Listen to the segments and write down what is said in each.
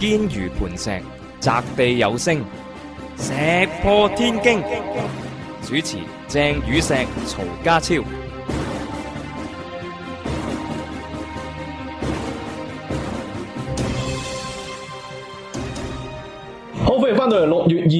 堅如磐石，擲地有聲，石破天驚。主持鄭宇碩、曹家超。好，歡迎返到嚟。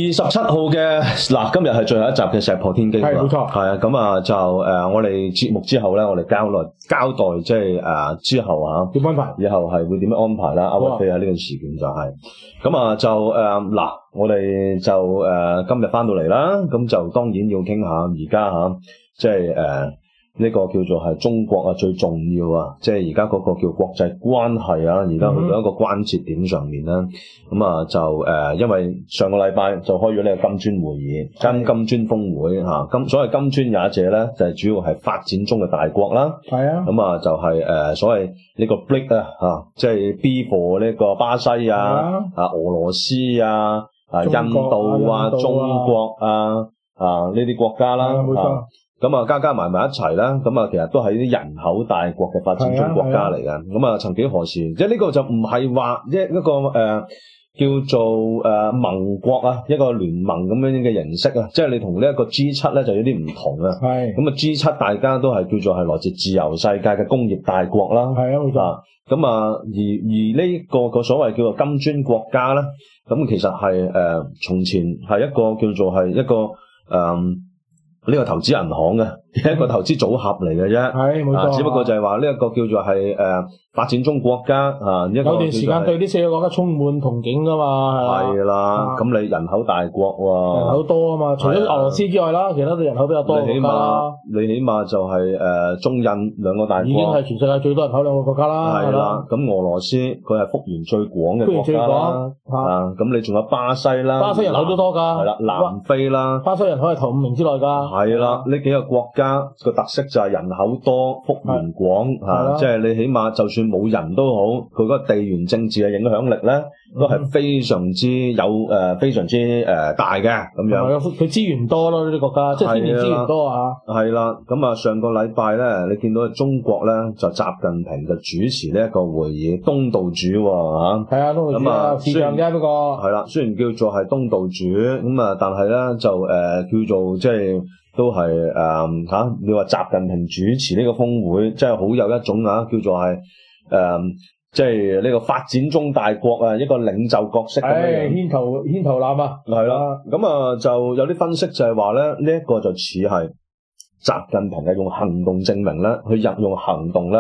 二十七號嘅，嗱，今日係最後一集嘅石破天驚冇錯喎？係啊，咁啊就誒、呃，我哋節目之後咧，我哋交代交代即係誒之後啊，要安排，以後係會點樣安排啦？啱啱啱啊，呢、這個時間就係、是，咁啊就誒嗱、呃，我哋就誒、呃、今日翻到嚟啦，咁就當然要傾下而家嚇，即係誒。呃呢個叫做係中國啊，最重要啊，即係而家嗰個叫國際關係啊，而家去到一個關節點上面咧，咁啊就誒，因為上個禮拜就開咗呢個金磚會議，金金磚峰會嚇，金所謂金磚也者咧，就係主要係發展中嘅大國啦，係啊，咁啊就係誒所謂呢個 BRIC 啊嚇，即係 B for 呢個巴西啊啊、俄羅斯啊啊、印度啊、中國啊啊呢啲國家啦，冇錯。咁啊，加加埋埋一齊啦，咁啊，其實都係啲人口大國嘅發展中國家嚟嘅。咁啊，曾幾何時，即係呢個就唔係話一一個誒、呃、叫做誒盟國啊，一個聯盟咁樣嘅形式啊，即係你同呢一個 G 七咧就有啲唔同啊。係咁啊，G 七大家都係叫做係來自自由世界嘅工業大國啦。係啊，冇錯。咁啊，而而呢、呢個個所謂叫做金磚國家咧，咁其實係誒從前係一個叫做係一個誒。嗯呢個投資銀行嘅啊。一個投資組合嚟嘅啫，冇錯啊，只不過就係話呢一個叫做係誒發展中國家啊，一個有段時間對呢四個國家充滿憧憬噶嘛，係啦。咁你人口大國喎，人口多啊嘛，除咗俄羅斯之外啦，其他嘅人口比較多國家啦。你起碼，你起碼就係誒中印兩個大國，已經係全世界最多人口兩個國家啦。係啦，咁俄羅斯佢係幅員最廣嘅國家啦。最廣啊，咁你仲有巴西啦，巴西人口都多噶，係啦，南非啦，巴西人口係頭五名之內噶，係啦，呢幾個國家。個特色就係人口多、幅員廣吓，的啊、即係你起碼就算冇人都好，佢嗰個地緣政治嘅影響力咧，都係非常之有誒、呃，非常之誒、呃、大嘅咁樣。佢資源多咯，呢啲國家即係資源多啊，係啦的，咁啊上個禮拜咧，你見到中國咧就習近平就主持呢一個會議，東道主喎吓。係啊，東道主啊，算嘅、嗰個。係啦，雖然叫做係東道主，咁啊，但係咧就誒叫做即係。都係誒吓，你話習近平主持呢個峰會，即係好有一種啊，叫做係誒，即係呢個發展中大國啊一個領袖角色咁樣樣。誒、哎，牽頭牽頭男啊，係啦的，咁啊就有啲分析就係話咧，呢、這、一個就似係。習近平係用行動證明去佢用行動咧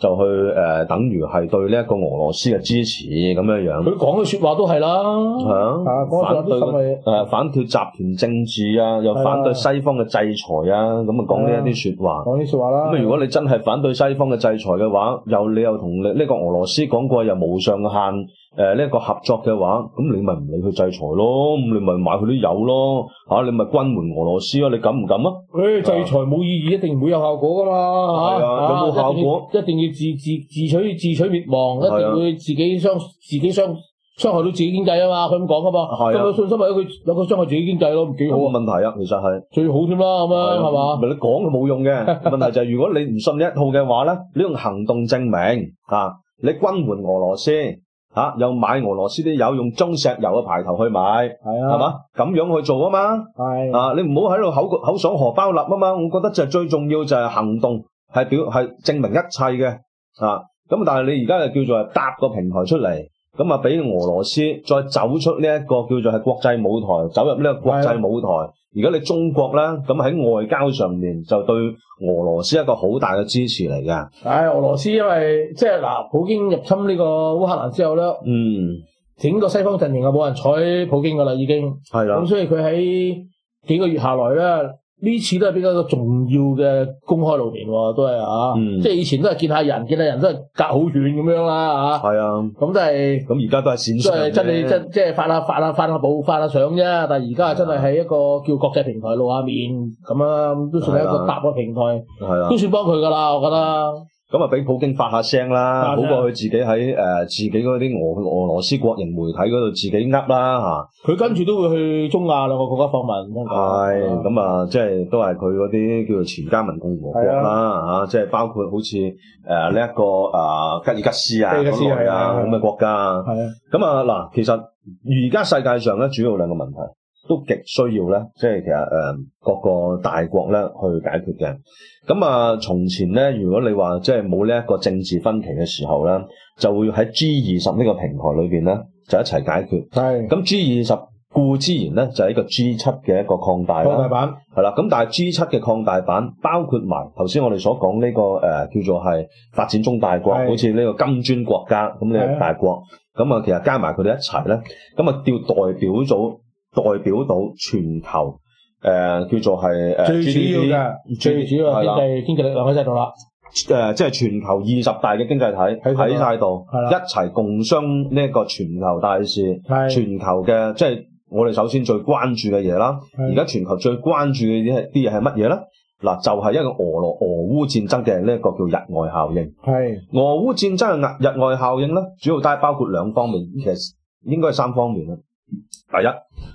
就去誒、呃，等於係對呢一個俄羅斯嘅支持咁樣樣。佢講嘅說話都係啦，係、啊、反對誒、啊，反對集團政治啊，又反對西方嘅制裁啊，咁啊講呢一啲說話。講啲說、說話啦。咁如果你真係反對西方嘅制裁嘅話，又你又同呢個俄羅斯講過又無上嘅限。誒，呢一個合作嘅話，咁你咪唔理佢制裁咯，咁你咪買佢啲油咯，吓、啊、你咪軍援俄羅斯咯，你敢唔敢啊？誒、欸，制裁冇意義，一定唔會有效果噶嘛，吓、啊啊、有冇效果一？一定要自自自取自取滅亡，啊、一定會自己傷自己傷傷害到自己經濟啊嘛，佢咁講噶嘛，有冇、啊、信心啊？佢有個傷害自己經濟咯，唔幾好嘅、啊、問題啊，其實係最好添啦，咁樣係嘛？唔係、啊、吧你講就冇用嘅， 問題就係如果你唔信呢一套嘅話咧，你用行動證明啊，你軍援俄羅斯。吓，有、啊、買俄羅斯啲油，用中石油嘅牌頭去買，係啊，係嘛，咁樣去做啊嘛，係、啊，啊，你唔好喺度口口爽荷包立啊嘛，我覺得就係最重要就係行動，係表係證明一切嘅，啊，咁但係你而家就叫做搭個平台出嚟，咁啊俾俄羅斯再走出呢一個叫做係國際舞台，走入呢個國際舞台。如果你中國啦，咁喺外交上面就對俄羅斯一個好大嘅支持嚟嘅。唉、哎，俄羅斯因為即係嗱，普京入侵呢個烏克蘭之後咧，嗯，整個西方陣營啊冇人睬普京噶啦已經，係啦的。咁所以佢喺幾個月下來咧。呢次都係比較個重要嘅公開露面喎、啊，都係啊，即係、嗯、以前都係見下人，見下人都係隔好遠咁樣啦，嚇。係啊，咁、啊、都係。咁而家都係線上。即係真係真即係發下發下發下報發下相啫，但係而家真係喺一個叫國際平台露下面，咁啊，都算係一個搭個平台，啊、都算幫佢㗎啦，我覺得。咁啊，俾普京發下聲啦，好過佢自己喺誒自己嗰啲俄俄羅斯國營媒體嗰度自己呃啦吓。佢跟住都會去中亞兩個國家訪問。係，咁啊，即係都係佢嗰啲叫做前加盟共和國啦，吓，即係包括好似誒呢一個誒吉爾吉斯啊咁嘅國家。係啊。咁啊嗱，其實而家世界上咧，主要兩個問題。都極需要咧，即係其實誒各個大國咧去解決嘅。咁啊，從前咧，如果你話即係冇呢一個政治分歧嘅時候咧，就會喺 G 二十呢個平台裏邊咧就一齊解決。係咁是，G 二十固之然咧就係、是、一個 G 七嘅一個擴大，擴大版係啦。咁但係 G 七嘅擴大版包括埋頭先我哋所講呢、這個誒、呃、叫做係發展中大國，好似呢個金磚國家咁嘅大國。咁啊的，其實加埋佢哋一齊咧，咁啊叫代表咗。代表到全球，誒叫做係誒最主要嘅，最主要嘅經濟經濟力量喺晒度啦。誒，即係全球二十大嘅經濟體喺晒度，一齊共商呢一個全球大事。係全球嘅，即係我哋首先最關注嘅嘢啦。而家全球最關注嘅啲嘢係乜嘢咧？嗱，就係一個俄羅俄烏戰爭嘅呢一個叫溢出效應。係俄烏戰爭嘅溢出效應咧，主要都係包括兩方面，其實應該係三方面啦。第一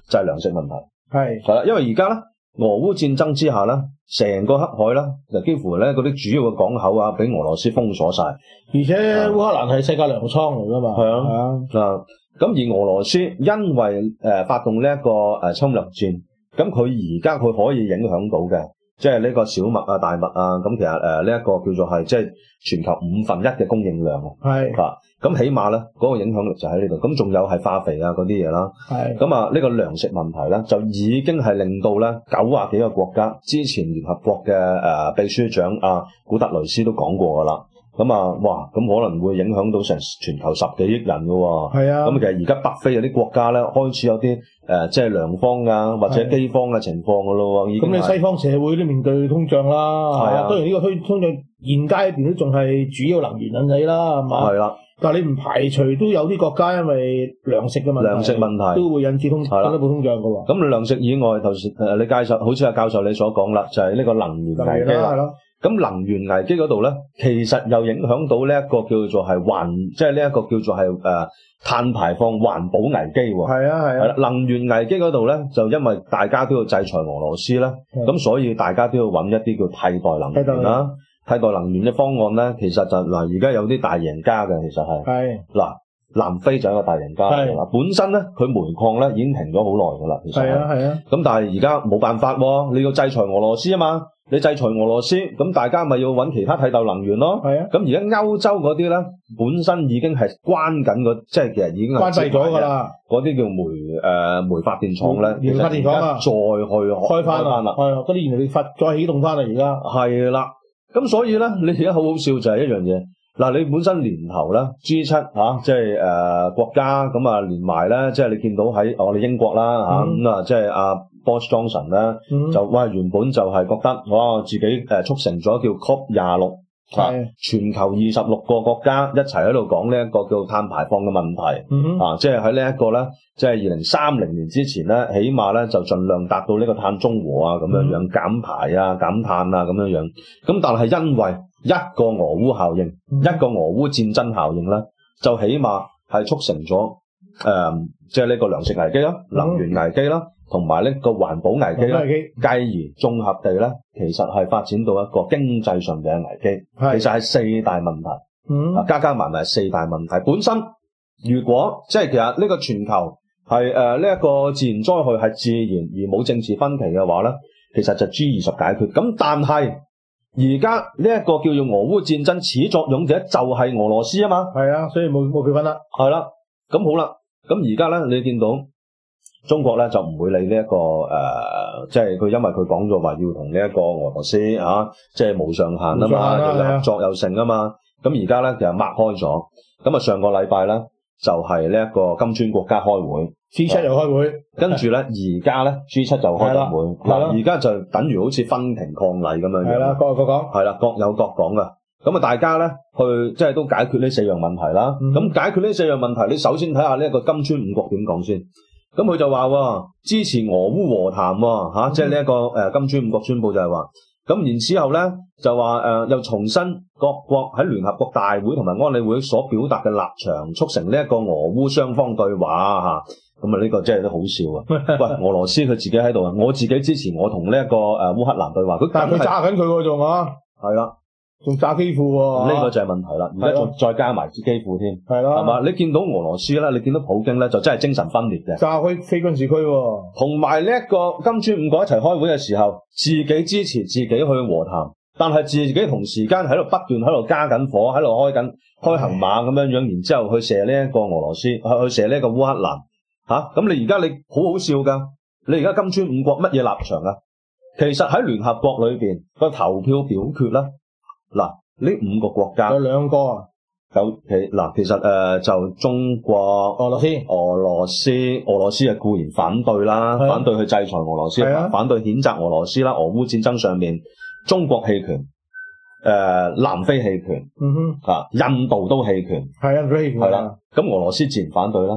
就係、是、糧食問題。係係啦。因為而家咧俄烏戰爭之下咧，成個黑海啦就幾乎咧嗰啲主要嘅港口啊，俾俄羅斯封鎖晒，而且烏克蘭係世界糧倉嚟噶嘛，係啊嗱，咁而俄羅斯因為誒、呃、發動呢一個誒侵略戰，咁佢而家佢可以影響到嘅。即係呢個小麥啊、大麥啊，咁其實誒呢一個叫做係即係全球五分一嘅供應量，係吓，咁起碼咧嗰個影響力就喺呢度。咁仲有係化肥啊嗰啲嘢啦，係，咁啊呢個糧食問題咧就已經係令到咧九啊幾個國家，之前聯合國嘅誒秘書長啊古特雷斯都講過噶啦。咁啊，哇！咁可能會影響到成全球十幾億人噶喎。係啊。咁其實而家北非有啲國家咧，開始有啲誒，即係糧荒啊，或者饑荒嘅情況噶咯。咁你西方社會都面對通脹啦。係啊。當然呢個推通脹現階段都仲係主要能源引起啦，係嘛？係啦。但係你唔排除都有啲國家因為糧食嘅問題，糧食問題都會引致通引發到通脹噶。咁糧食以外，頭先你介紹好似阿教授你所講啦，就係呢個能源啦。能源啦，係咯。咁能源危機嗰度咧，其實又影響到呢一個叫做係環，即係呢一個叫做係誒碳排放環保危機。係啊係啊。能源危機嗰度咧，就因為大家都要制裁俄羅斯啦，咁所以大家都要揾一啲叫替代能源啦。替代能源嘅方案咧，其實就嗱，而家有啲大贏家嘅，其實係。係。嗱，南非就係一個大贏家嚟啦。本身咧，佢煤礦咧已經停咗好耐噶啦。係啊係啊。咁但係而家冇辦法，你要制裁俄羅斯啊嘛。你制裁俄羅斯，咁大家咪要揾其他替代能源咯？係啊。咁而家歐洲嗰啲咧，本身已經係關緊，即係其實已經係關閉咗噶啦。嗰啲叫煤、誒、呃、煤發電廠咧，而家再去開翻啦。係嗰啲原來你發再起動翻啦，而家係啦。咁所以咧，你而家好好笑就係一樣嘢。嗱、啊，你本身年頭啦，G7 吓、啊，即係誒國家咁啊連埋咧，即係你見到喺我哋英國啦吓咁啊，即係阿。啊波斯莊臣咧就話原本就係覺得哇自己誒促成咗叫 COP 廿六，全球二十六個國家一齊喺度講呢一個叫碳排放嘅問題、嗯、哼啊，即係喺呢一個咧，即係二零三零年之前咧，起碼咧就盡量達到呢個碳中和啊，咁樣樣減排啊、減碳啊，咁樣樣。咁但係因為一個俄烏效應，嗯、一個俄烏戰爭效應咧，就起碼係促成咗誒，即係呢個糧食危機啦、能源危機啦。嗯同埋呢個環保危機咧，繼而綜合地咧，其實係發展到一個經濟上面嘅危機。係，其實係四大問題，嗯，加加埋埋四大問題。本身如果即係其實呢個全球係誒呢一個自然災害係自然而冇政治分歧嘅話咧，其實就 G 二十解決。咁但係而家呢一個叫做俄烏戰爭，始作俑者就係俄羅斯啊嘛。係啊，所以冇冇區分啦。係啦，咁好啦，咁而家咧，你見到。中國咧就唔會理呢、這、一個誒，即係佢因為佢講咗話要同呢一個俄羅斯嚇，即、啊、係、就是、無上限啊嘛，作有勝啊嘛。咁而家咧就擘開咗咁啊。上個禮拜咧就係呢一個金磚國家開會，G 七又開會，跟住咧而家咧 G 七就開個會，嗱而家就等於好似分庭抗禮咁樣樣。係啦，各有各講係啦，各有各講噶。咁啊，大家咧去即係都解決呢四樣問題啦。咁、嗯、解決呢四樣問題，你首先睇下呢一個金磚五國點講先。咁佢就話支持俄烏和談吓、啊，即係呢一個誒金磚五國宣佈就係話，咁、啊、然之後咧就話誒、呃、又重申各國喺聯合國大會同埋安理會所表達嘅立場，促成呢一個俄烏雙方對話吓，咁啊呢、這個真係都好笑啊！ 喂，俄羅斯佢自己喺度啊，我自己支持我同呢一個誒烏克蘭對話，佢但係佢揸緊佢喎仲啊，係啦。仲炸基輔喎，啊，呢個就係問題啦。而家再再加埋基輔添，係啦的，係嘛？你見到俄羅斯啦，你見到普京咧，就真係精神分裂嘅，炸去非軍事區喎，啊。同埋呢一個金磚五國一齊開會嘅時候，自己支持自己去和談，但係自己同時間喺度不斷喺度加緊火，喺度開緊開行馬咁樣樣，的然之後去射呢一個俄羅斯，去射呢個烏克蘭吓。咁，啊，你而家你好好笑噶，你而家金磚五國乜嘢立場啊？其實喺聯合國裏邊個投票表決啦。嗱，呢五個國家有兩個。有其嗱，其實誒、呃、就中國、俄羅斯、俄羅斯、俄羅斯係固然反對啦，的反對去制裁俄羅斯，的反對譴責俄羅斯啦。俄烏戰爭上面，中國棄權，誒、呃、南非棄權，嗯哼，嚇、啊、印度都棄權，係啊的，都棄權啦的。咁俄羅斯自然反對啦。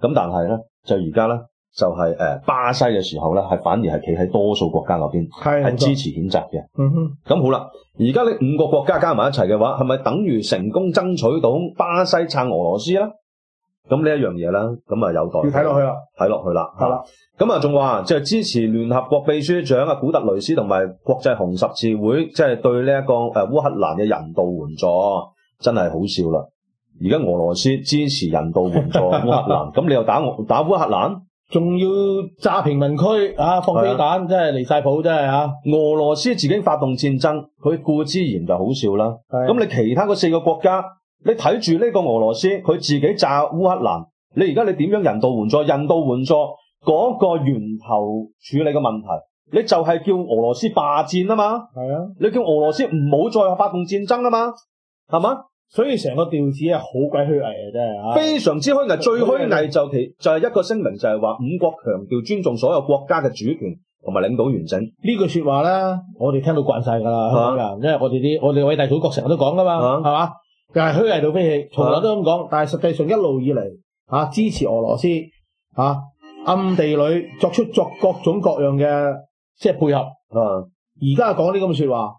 咁但係咧，就而家咧。就係誒，巴西嘅時候咧，係反而係企喺多數國家嗰邊，係是支持譴責嘅。嗯哼，咁好啦，而家呢五個國家加埋一齊嘅話，係咪等於成功爭取到巴西撐俄羅斯咧？咁呢一樣嘢啦，咁啊有待睇落去啦，睇落去啦。係啦，咁啊仲話即係支持聯合國秘書長啊古特雷斯同埋國際紅十字會，即係對呢一個誒烏克蘭嘅人道援助，真係好笑啦！而家俄羅斯支持人道援助烏克蘭，咁 你又打我打烏克蘭？仲要炸平民區啊！放飛彈、啊、真係離晒譜，真係啊！俄羅斯自己發動戰爭，佢顧之言就好笑啦。咁、啊、你其他嗰四個國家，你睇住呢個俄羅斯佢自己炸烏克蘭，你而家你點樣人道援助？人道援助嗰、那個源頭處理嘅問題，你就係叫俄羅斯罷戰啊嘛！係啊！你叫俄羅斯唔好再發動戰爭啊嘛？係嘛？所以成個調子咧，好鬼虛偽嘅啫，非常之虛偽，最虛偽就其就係一個聲明就，就係話五國強調尊重所有國家嘅主權同埋領土完整呢句說話呢，我哋聽到慣晒噶啦，啊、因為我哋啲我哋嘅偉大祖國成日都講噶嘛，係嘛、啊？就係、是、虛偽到飛起，從嚟都咁講。啊、但係實際上一路以嚟，吓、啊、支持俄羅斯，吓、啊、暗地裏作出作各種各樣嘅即係配合。嗯、啊，而家講啲咁嘅說話。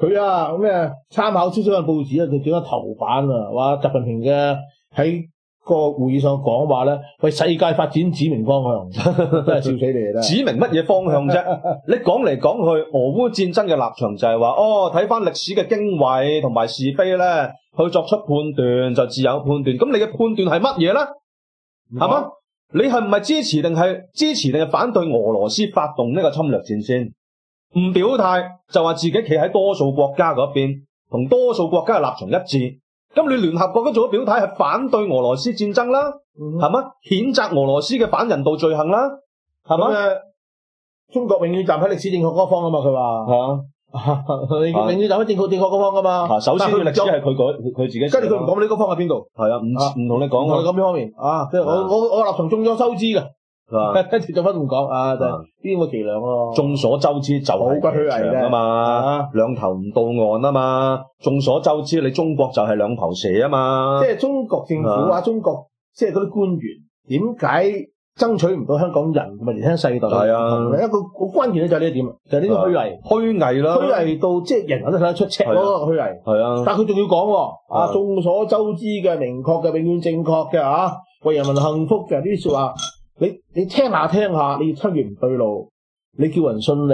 佢啊咩？參考出咗份報紙啊，佢點解頭版啊？話習近平嘅喺個會議上講話咧，為世界發展指明方向，笑死你啦！指明乜嘢方向啫？ 你講嚟講去，俄烏戰爭嘅立場就係話：哦，睇翻歷史嘅經緯同埋是非咧，去作出判斷就自有判斷。咁你嘅判斷係乜嘢咧？係嗎、啊？你係唔係支持定係支持定係反對俄羅斯發動呢個侵略戰線？唔表態就話自己企喺多數國家嗰邊，同多數國家嘅立場一致。咁你聯合國家做咗表態，係反對俄羅斯戰爭啦，係嘛、嗯哼？譴嗎責俄羅斯嘅反人道罪行啦，係嘛嗎？中國永遠站喺歷史正確嗰方啊嘛，佢話係你永遠站喺正確正確嗰方噶嘛、啊。首先，歷史係佢改，佢自己跟住佢唔講呢個方喺邊度？係啊，唔唔同你講。我講邊方面啊？我我我立場中咗收之噶。佢話：跟住再翻咁講，啊邊個伎倆咯、啊？眾所周知就好係虛偽啊嘛，兩頭唔到岸啊嘛。眾所周知你中國就係兩頭蛇啊嘛。即係中國政府啊，中國即係嗰啲官員點解爭取唔到香港人？咪年輕世代係啊，一個好關鍵咧就係呢一點，就係呢啲虛偽、啊、虛偽啦，虛偽到即係人人都睇得出赤裸、啊、虛偽。係啊，但係佢仲要講喎，啊，啊眾所周知嘅、明確嘅、永遠正確嘅啊，為人民幸福嘅呢啲説話。你你聽下聽下，你越聽越唔對路，你叫人信你，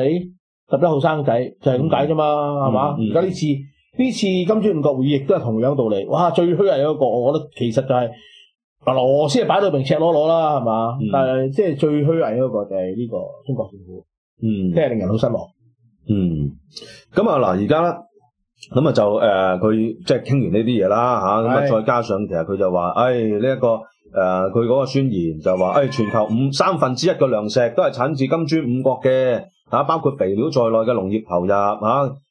特別後生仔就係咁解啫嘛，係嘛、嗯？而家呢次呢次金磚五國會議亦都係同樣道理。哇！最虛偽嗰個，我覺得其實就係俄羅斯，擺到明赤裸裸啦，係嘛？嗯、但係即係最虛偽嗰個就係呢個中國政府，嗯，即係令人好失望。嗯，咁、嗯嗯嗯呃就係、啊嗱，而家咁啊就誒，佢即係傾完呢啲嘢啦嚇，咁啊再加上其實佢就話，誒呢一個。哎呃這個誒，佢嗰、啊、個宣言就話，誒、哎，全球五三分之一嘅糧食都係產自金磚五國嘅，吓、啊，包括肥料在內嘅農業投入，吓、啊，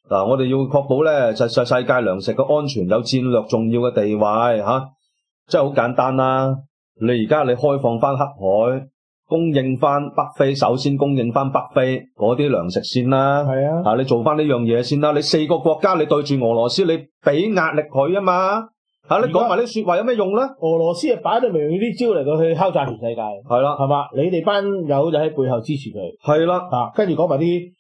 嗱、啊，我哋要確保咧，就就是、世界糧食嘅安全有戰略重要嘅地位，吓、啊，真係好簡單啦、啊。你而家你開放翻黑海，供應翻北非，首先供應翻北非嗰啲糧食先啦，係啊，嗱、啊，你做翻呢樣嘢先啦，你四個國家你對住俄羅斯，你俾壓力佢啊嘛。吓，你講埋啲說話有咩用咧？俄羅斯啊，擺到明啲招嚟，到去敲詐全世界，係啦的，係嘛？你哋班友就喺背後支持佢，係啦的，吓、啊，跟住講埋啲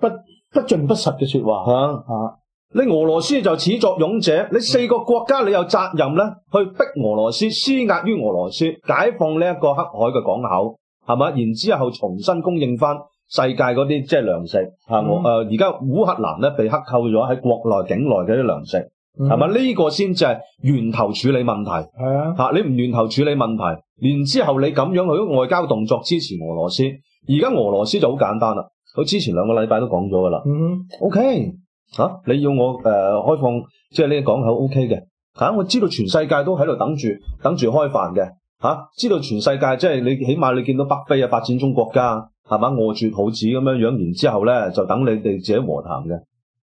不不盡不實嘅說話，吓吓的，啊、你俄羅斯就始作俑者，嗯、你四個國家你有責任咧，去逼俄羅斯施壓於俄羅斯，解放呢一個黑海嘅港口，係嘛？然之後重新供應翻世界嗰啲即係糧食，吓誒、嗯，而家烏克蘭咧被克扣咗喺國內境內嘅啲糧食。嗯係咪呢個先就係源頭處理問題？係啊，吓、啊、你唔源頭處理問題，然之後你咁樣去外交動作支持俄羅斯，而家俄羅斯就好簡單啦。佢之前兩個禮拜都講咗噶啦。嗯，OK，吓、啊、你要我誒、呃、開放即係呢個港口 OK 嘅，吓、啊，我知道全世界都喺度等住等住開飯嘅，吓、啊，知道全世界即係你起碼你見到北非啊發展中國家係嘛餓住肚子咁樣樣，然之後咧就等你哋自己和談嘅。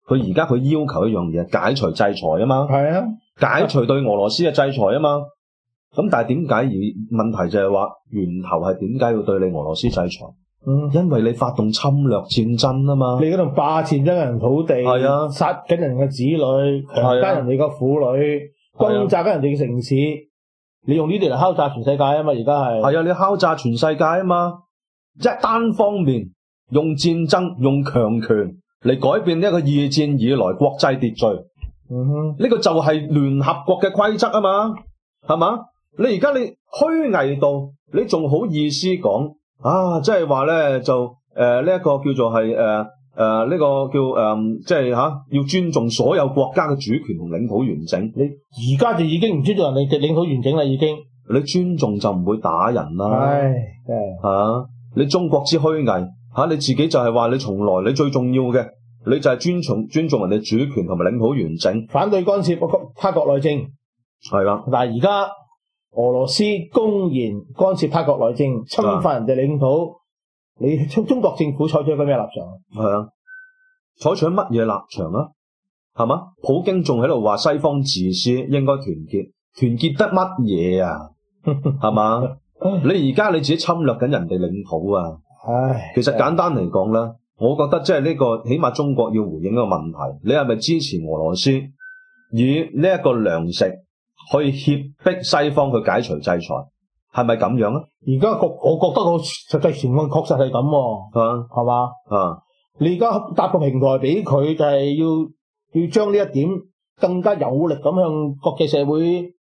佢而家佢要求一樣嘢，解除制裁啊嘛，係啊，解除對俄羅斯嘅制裁啊嘛。咁但係點解？而問題就係、是、話源頭係點解要對你俄羅斯制裁？嗯，因為你發動侵略戰爭啊嘛，你嗰度霸佔咗人哋嘅土地，係啊，殺緊人嘅子女，強姦、啊、人哋嘅婦女，轟炸緊人哋嘅城市，啊、你用呢啲嚟敲詐全世界啊嘛，而家係，係啊，你敲詐全世界啊嘛，即係單方面用戰爭用強權。嚟改變呢一個二戰以來國際秩序，呢、嗯、哼呢個就係聯合國嘅規則啊嘛，係嘛？你而家你虛偽到，你仲好意思講啊？即係話呢，就誒呢一個叫做係誒誒呢個叫誒、呃、即係吓、啊，要尊重所有國家嘅主權同領土完整。你而家就已經唔尊重人哋嘅領土完整啦，已經。你尊重就唔會打人啦。係，嚇、啊、你中國之虛偽！吓，你自己就係話，你從來你最重要嘅，你就係尊重尊重人哋主權同埋領土完整。反對干涉國、他國內政係啦，的但而家俄羅斯公然干涉他國內政，侵犯人哋領土，的你中中國政府採取咗咩立場？係啊，採取乜嘢立場啊？係嘛？普京仲喺度話西方自私，應該團結，團結得乜嘢啊？係嘛？ 你而家你自己侵略緊人哋領土啊！唉，其實簡單嚟講咧，唉我覺得即係呢個起碼中國要回應嘅問題，你係咪支持俄羅斯以呢一個糧食去脅迫西方去解除制裁，係咪咁樣咧？而家覺我覺得個實際情況確實係咁喎，係嘛，係嘛，啊！吧啊你而家搭個平台俾佢，就係、是、要要將呢一點更加有力咁向國際社會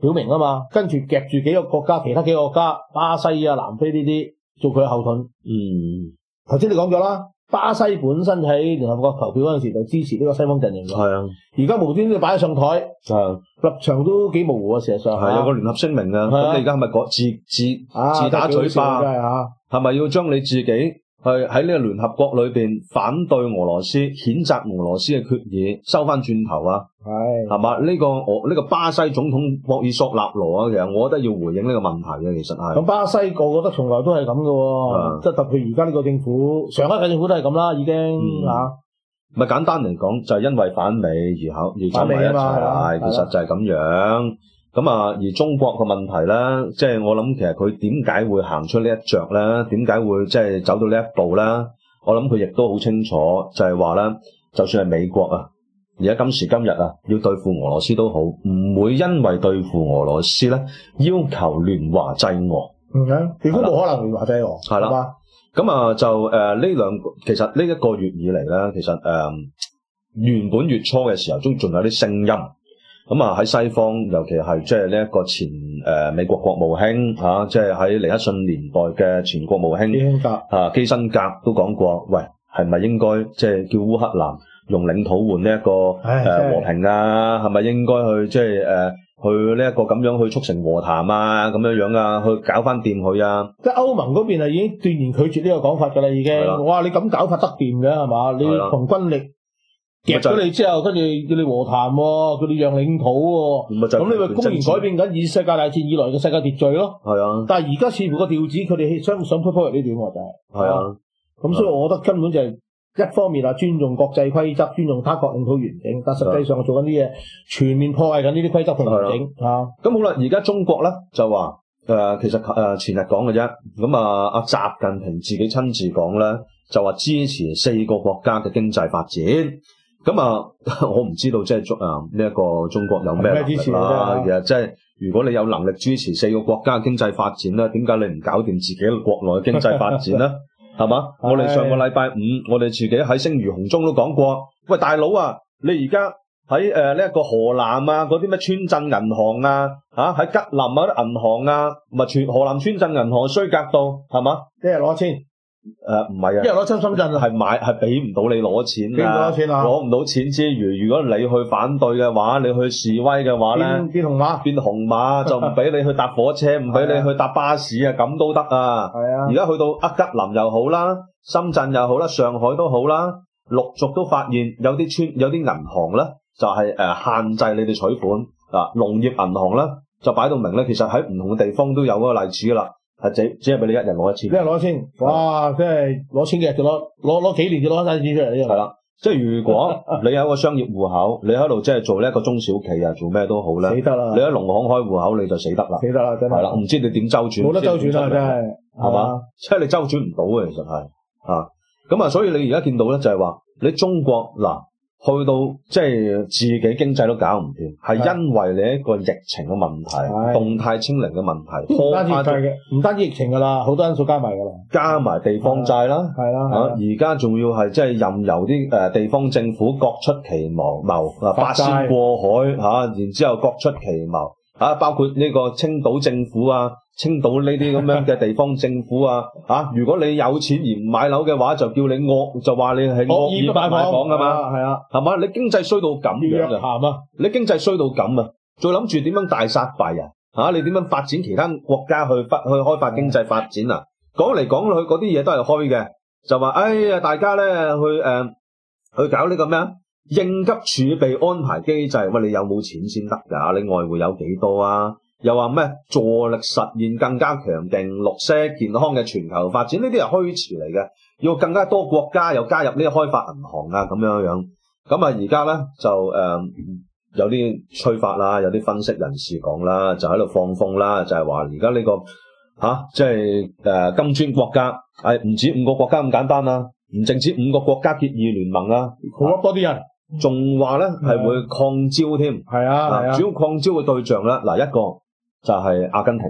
表明啊嘛，跟住夾住幾個國家，其他幾個國家，巴西啊、南非呢啲。做佢嘅後盾，嗯，頭先你講咗啦，巴西本身喺聯合國投票嗰陣時就支持呢個西方陣營嘅，係啊，而家無端端擺咗上台，係啊，立場都幾模糊啊，事實上係有個聯合聲明啊，係係啊，你而家係咪自自自打嘴巴？係咪、啊啊、要將你自己？去喺呢個聯合國裏邊反對俄羅斯，譴責俄羅斯嘅決議，收翻轉頭啊！係係嘛？呢個我呢個巴西總統博爾索納羅啊，其實我覺得要回應呢個問題嘅，其實係。咁巴西個個都從來都係咁嘅喎，即係的特別而家呢個政府，上一屆政府都係咁啦，已經嚇。咪簡單嚟講，就係、是、因為反美而考要走埋一齊嘛，係，其實就係咁樣。咁啊，而中國個問題咧，即係我諗其實佢點解會行出呢一着咧？點解會即係走到呢一步咧？我諗佢亦都好清楚，就係話咧，就算係美國啊，而家今時今日啊，要對付俄羅斯都好，唔會因為對付俄羅斯咧，要求聯華制俄。嗯，係，如果冇可能聯華制俄。係啦的。咁啊吧，就誒呢兩其實呢一個月以嚟咧，其實誒、呃、原本月初嘅時候都仲有啲聲音。咁啊，喺西方，尤其係即係呢一個前誒美國國務卿嚇，即係喺尼克遜年代嘅前國務卿，基辛格嚇，基辛格都講過，喂，係咪應該即係叫烏克蘭用領土換呢一個誒和平啊？係咪應該去即係誒去呢一個咁樣去促成和談啊？咁樣樣啊，去搞翻掂佢啊！即係歐盟嗰邊啊，已經斷然拒絕呢個講法㗎啦，已經。哇，你咁搞法得掂嘅係嘛？你同軍力。夾咗你之後，跟住叫你和談喎，叫你讓領土喎，咁你咪公然改變緊以世界大戰以來嘅世界秩序咯。係啊，但係而家似乎個調子，佢哋想想推翻呢段，我覺得係啊。咁、啊啊、所以我覺得根本就係一方面啊，尊重國際規則，尊重他國領土完整，但係實際上做緊啲嘢全面破壞緊呢啲規則同環境嚇。咁、啊啊啊、好啦，而家中國咧就話誒、呃，其實誒前日講嘅啫，咁、嗯、啊阿習近平自己親自講咧，就話支持四個國家嘅經濟發展。咁、嗯、啊，我唔知道即係中啊呢一、這個中國有咩支持？啦、啊。其實即係如果你有能力支持四個國家嘅經濟發展咧，點解你唔搞掂自己國內嘅經濟發展咧？係嘛？我哋上個禮拜五，我哋自己喺星如紅中都講過。喂，大佬啊，你而家喺誒呢一個河南啊，嗰啲咩村鎮銀行啊，嚇、啊、喺吉林啊啲銀行啊，咪全河南村鎮銀行衰格到係嘛？即係攞錢。誒，唔係啊，因為攞出深圳係買係俾唔到你攞錢嘅，攞唔到錢之餘，如果你去反對嘅話，你去示威嘅話咧，變變紅馬，變紅馬就唔俾你去搭火車，唔俾 你去搭巴士的啊，咁都得啊。係啊，而家去到阿吉林又好啦，深圳又好啦，上海都好啦，陸續都發現有啲村有啲銀行咧，就係誒限制你哋取款啊，農業銀行咧就擺到明咧，其實喺唔同嘅地方都有嗰個例子噶啦。係只只係俾你一人攞一千，一人攞一千，哇！即係攞千幾日就攞，攞攞幾年就攞翻啲錢出嚟。係啦、啊，即係如果你有個商業戶口， 你喺度即係做呢一個中小企啊，做咩都好咧，死得啦！你喺農行開戶口你就死得啦，死得啦真係，啦、啊，唔知你點周轉，冇得周轉啊真係是，係嘛吧？即係你周轉唔到嘅，其實係啊，咁、嗯、啊，所以你而家見到咧就係話，你中國嗱。去到即係自己經濟都搞唔掂，係是的 因為你一個疫情嘅問題，是的 動態清零嘅問題，拖慢咗。唔單止疫情噶啦，好多因素加埋噶啦，加埋地方債啦，係啦，而家仲要係即係任由啲誒地方政府各出其謀謀發債 啊，八仙過海吓，然之後各出其謀。啊！包括呢個青島政府啊，青島呢啲咁樣嘅地方政府啊， 啊！如果你有錢而唔買樓嘅話，就叫你惡，就話你係惡意買房啊嘛，係啊，係嘛吧？你經濟衰到咁樣啊，你經濟衰到咁啊，再諗住點樣大殺敗啊，嚇！你點樣發展其他國家去發去開發經濟發展啊？講嚟講去嗰啲嘢都係虛嘅，就話哎呀，大家咧去誒、呃、去搞呢個咩啊？應急儲備安排機制，乜你有冇錢先得呀？你外匯有幾多啊？又話咩助力實現更加強勁綠色健康嘅全球發展？呢啲係虛詞嚟嘅，要更加多國家又加入呢個開發銀行啊，咁樣樣。咁啊，而家咧就誒、呃、有啲吹法啦，有啲分析人士講啦，就喺度放風啦，就係話而家呢個吓即係誒金磚國家，係、哎、唔止五個國家咁簡單啦、啊，唔淨止五個國家結義聯盟啦、啊，好多啲人。仲話咧係會擴招添，係的啊，的主要擴招嘅對象咧，嗱一個就係阿根廷，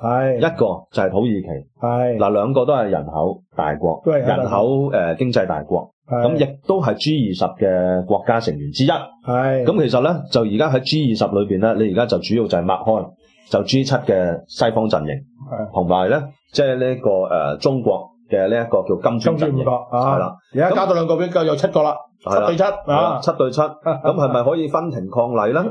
係的，一個就係土耳其，係的，嗱兩個都係人口大國，的人口誒、呃、經濟大國，咁亦都係 G 二十嘅國家成員之一，係的，咁其實咧就而家喺 G 二十裏邊咧，你而家就主要就係擘開就 G 七嘅西方陣營，係的，同埋咧即係呢、呢個誒、呃呃、中國。中國中國中國嘅呢一個叫金磚五國，係啦，而、啊、家的加咗兩個，變夠有七個啦，七的對七的啊，七對七，咁係咪可以分庭抗禮啦？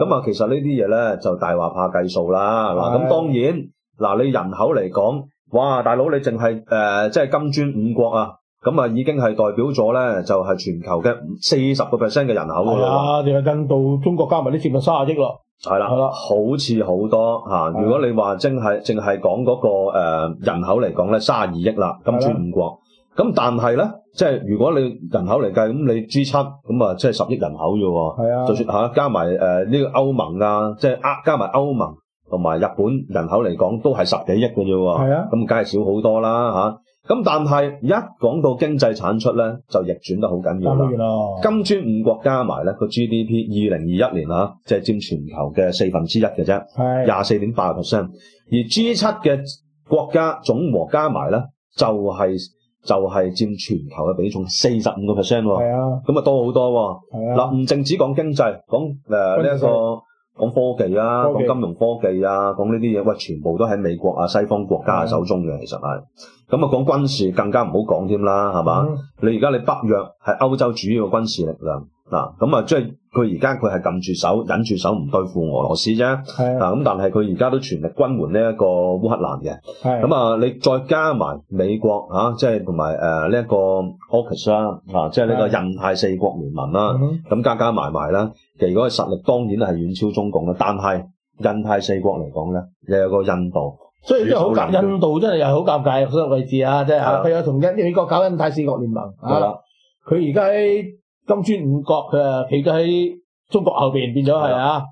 咁啊，其實呢啲嘢咧就大話怕計數啦。嗱，咁當然嗱，你人口嚟講，哇，大佬你淨係誒，即係金磚五國啊！咁啊，已經係代表咗咧，就係全球嘅四十個 percent 嘅人口咯。係啊，仲有印度、中國加埋呢的，接近卅億咯。係啦，係啦、啊，好似好多吓。如果你話淨係淨係講嗰個誒人口嚟講咧，卅二億啦，金磚五國。咁是的 但係咧，即係如果你人口嚟計，咁你 G 七咁啊，即係十億人口啫。係啊是的，就算吓加埋誒呢個歐盟啊，即係加埋歐盟同埋日本人口嚟講，都係十幾億嘅啫。係是的 啊，咁梗係少好多啦吓。啊咁但係一講到經濟產出咧，就逆轉得好緊要啦。金磚五國加埋咧，個 G D P 二零二一年啊，即係佔全球嘅四分之一嘅啫，係廿四點八個 percent。而 G 七嘅國家總和加埋咧，就係就係佔全球嘅比重四十五個 percent 喎。係啊，咁啊多好多喎。嗱，唔淨止講經濟，講誒呢一個。講科技啊，講金融科技啊，講呢啲嘢，喂，全部都喺美國啊、西方國家嘅手中嘅，其實係，咁啊講軍事更加唔好講添啦，係嘛？你而家你北約係歐洲主要嘅軍事力量，嗱、啊，咁啊即係。佢而家佢係撳住手、忍住手唔對付俄羅斯啫。係是的 啊，咁但係佢而家都全力軍援呢一個烏克蘭嘅。係咁是的 啊，你再加埋美國嚇，即係同埋誒呢一個 AUKUS 啊，即係呢、呃這個啊、個印太四國聯盟啦。咁加加埋埋啦，其實嗰個實力當然係遠超中共啦。但係印太四國嚟講咧，又有一個印度，所以好尷，印度真係又好尷尬，所以位置啊，即係佢又同英美國搞印太四國聯盟嚇，佢而家喺。金磚五國嘅企咗喺中國後邊，變咗係啊，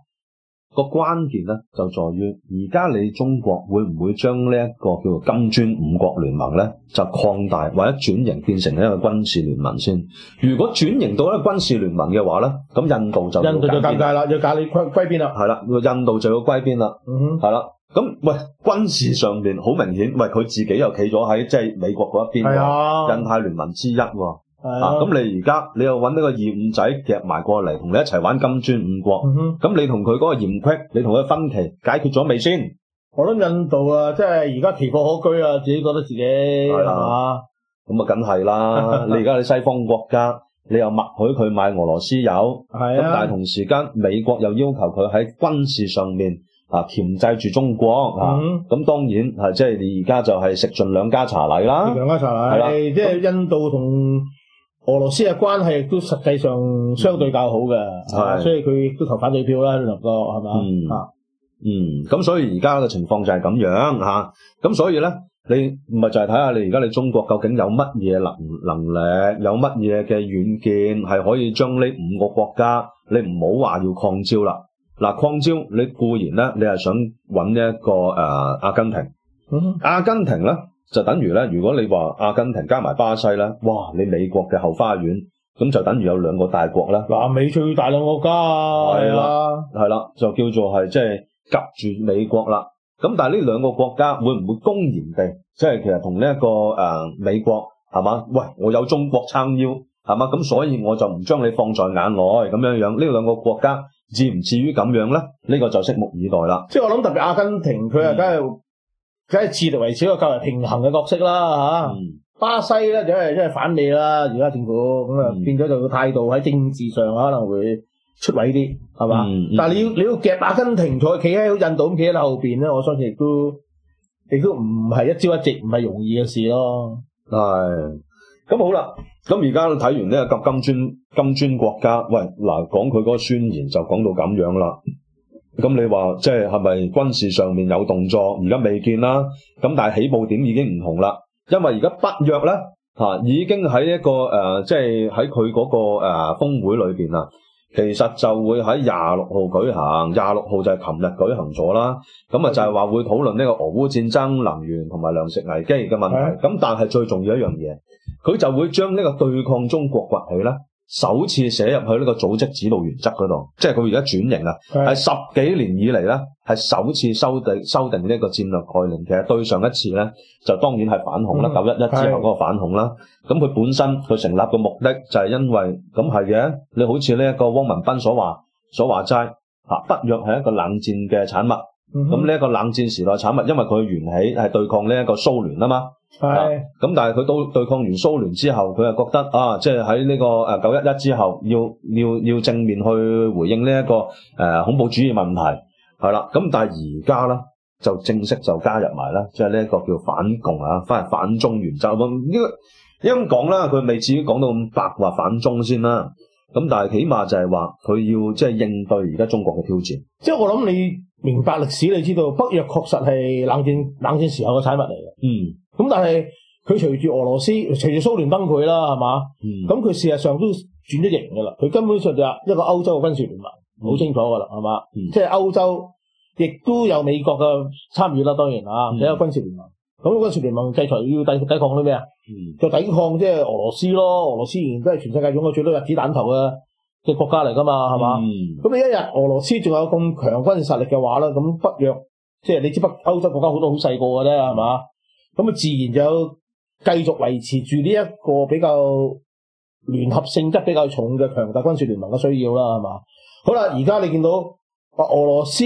個關鍵咧就在於而家你中國會唔會將呢一個叫做金磚五國聯盟咧就擴大或者轉型變成一個軍事聯盟先？如果轉型到一個軍事聯盟嘅話咧，咁印度就印度就尷尬啦，要架你歸歸邊啦？係啦，印度就要歸邊啦？嗯哼，係啦。咁喂，軍事上邊好明顯，喂佢自己又企咗喺即係美國嗰一邊喎，係啊，印太聯盟之一喎。啊！咁你而家你又揾呢個二五仔夾埋過嚟同你一齊玩金磚五國，咁你同佢嗰個嫌隙，你同佢嘅分歧解決咗未先？我諗印度啊，即係而家奇貨可居啊，自己覺得自己係嘛？咁啊，梗係啦！你而家喺西方國家，你又默許佢買俄羅斯油，咁但係同時間美國又要求佢喺軍事上面啊鉗制住中國啊，咁當然係即係你而家就係食盡兩家茶禮啦，兩家茶禮，即係印度同。俄羅斯嘅關係都實際上相對較好嘅，所以佢都投反對票啦，中國係嘛？嗯，咁所以而家嘅情況就係咁樣嚇，咁所以咧，你唔係就係睇下你而家你中國究竟有乜嘢能能力，有乜嘢嘅軟件係可以將呢五個國家，你唔好話要擴招啦。嗱，擴招你固然咧，你係想揾一個誒阿根廷，阿根廷咧。就等於咧，如果你話阿根廷加埋巴西啦，哇！你美國嘅後花園，咁就等於有兩個大國啦。嗱，南美最大兩個國家，係啦，係啦，啦，就叫做係即係夾住美國啦。咁但係呢兩個國家會唔會公然地即係其實同呢一個誒、呃、美國係嘛？喂，我有中國撐腰係嘛？咁所以我就唔將你放在眼內咁樣樣。呢兩個國家至唔至於咁樣咧？呢、這個就拭目以待啦。即係我諗特別阿根廷，佢又梗係。梗係自力維持一個較為平衡嘅角色啦，吓、嗯。巴西咧就係真係反美啦，而家政府咁啊，變咗就個態度喺政治上可能會出位啲，係嘛？但係你要你要夾阿根廷在，企喺印度企喺後邊咧，我相信亦都亦都唔係一朝一夕唔係容易嘅事咯。係咁好啦，咁而家睇完咧金磚金磚國家，喂嗱，講佢嗰個宣言就講到咁樣啦。咁你話即係係咪軍事上面有動作？而家未見啦。咁但係起步點已經唔同啦，因為而家北約呢嚇、啊、已經喺一個誒，即係喺佢嗰個、呃、峰會裏邊啊，其實就會喺廿六號舉行。廿六號就係琴日舉行咗啦。咁啊就係話會討論呢個俄烏戰爭、能源同埋糧食危機嘅問題。咁 Okay. 但係最重要一樣嘢，佢就會將呢個對抗中國崛起啦。首次寫入去呢個組織指導原則嗰度，即係佢而家轉型啊，係是的 十幾年以嚟咧，係首次修訂修訂呢個戰略概念。其實對上一次咧，就當然係反恐啦，嗯、九一一之後嗰個反恐啦。咁佢是的 本身佢成立嘅目的就係因為咁係嘅，你好似呢一個汪文斌所話，所話齋吓，北約係一個冷戰嘅產物。咁呢一個冷戰時代產物，因為佢緣起係對抗呢一個蘇聯啊嘛，係的，咁、啊、但係佢到對抗完蘇聯之後，佢又覺得啊，即係喺呢個誒九一一之後要，要要要正面去回應呢、這、一個誒、呃、恐怖主義問題，係啦，咁但係而家咧就正式就加入埋啦，即係呢一個叫反共啊，翻嚟反中原則，咁呢個一講啦，佢未至於講到咁白話反中先啦。咁但係起碼就係話佢要即係應對而家中國嘅挑戰，嗯、即係我諗你明白歷史，你知道北約確實係冷戰冷戰時候嘅產物嚟嘅，嗯，咁但係佢隨住俄羅斯隨住蘇聯崩潰啦，係嘛，咁佢、嗯、事實上都轉咗型噶啦，佢根本上就一個歐洲嘅軍事聯盟，好清楚噶啦，係嘛，嗯、即係歐洲亦都有美國嘅參與啦，當然啦，一個軍事聯盟。咁軍事聯盟制裁要抵抵抗啲咩啊？嗯、就抵抗即係俄羅斯咯，俄羅斯然都係全世界擁有最多日子彈頭嘅即國家嚟噶嘛，係嘛、嗯？咁你一日俄羅斯仲有咁強軍實力嘅話咧，咁北約即係你知北歐洲國家好多好細個嘅啫，係嘛？咁啊自然就有繼續維持住呢一個比較聯合性質比較重嘅強大軍事聯盟嘅需要啦，係嘛？好啦，而家你見到白俄羅斯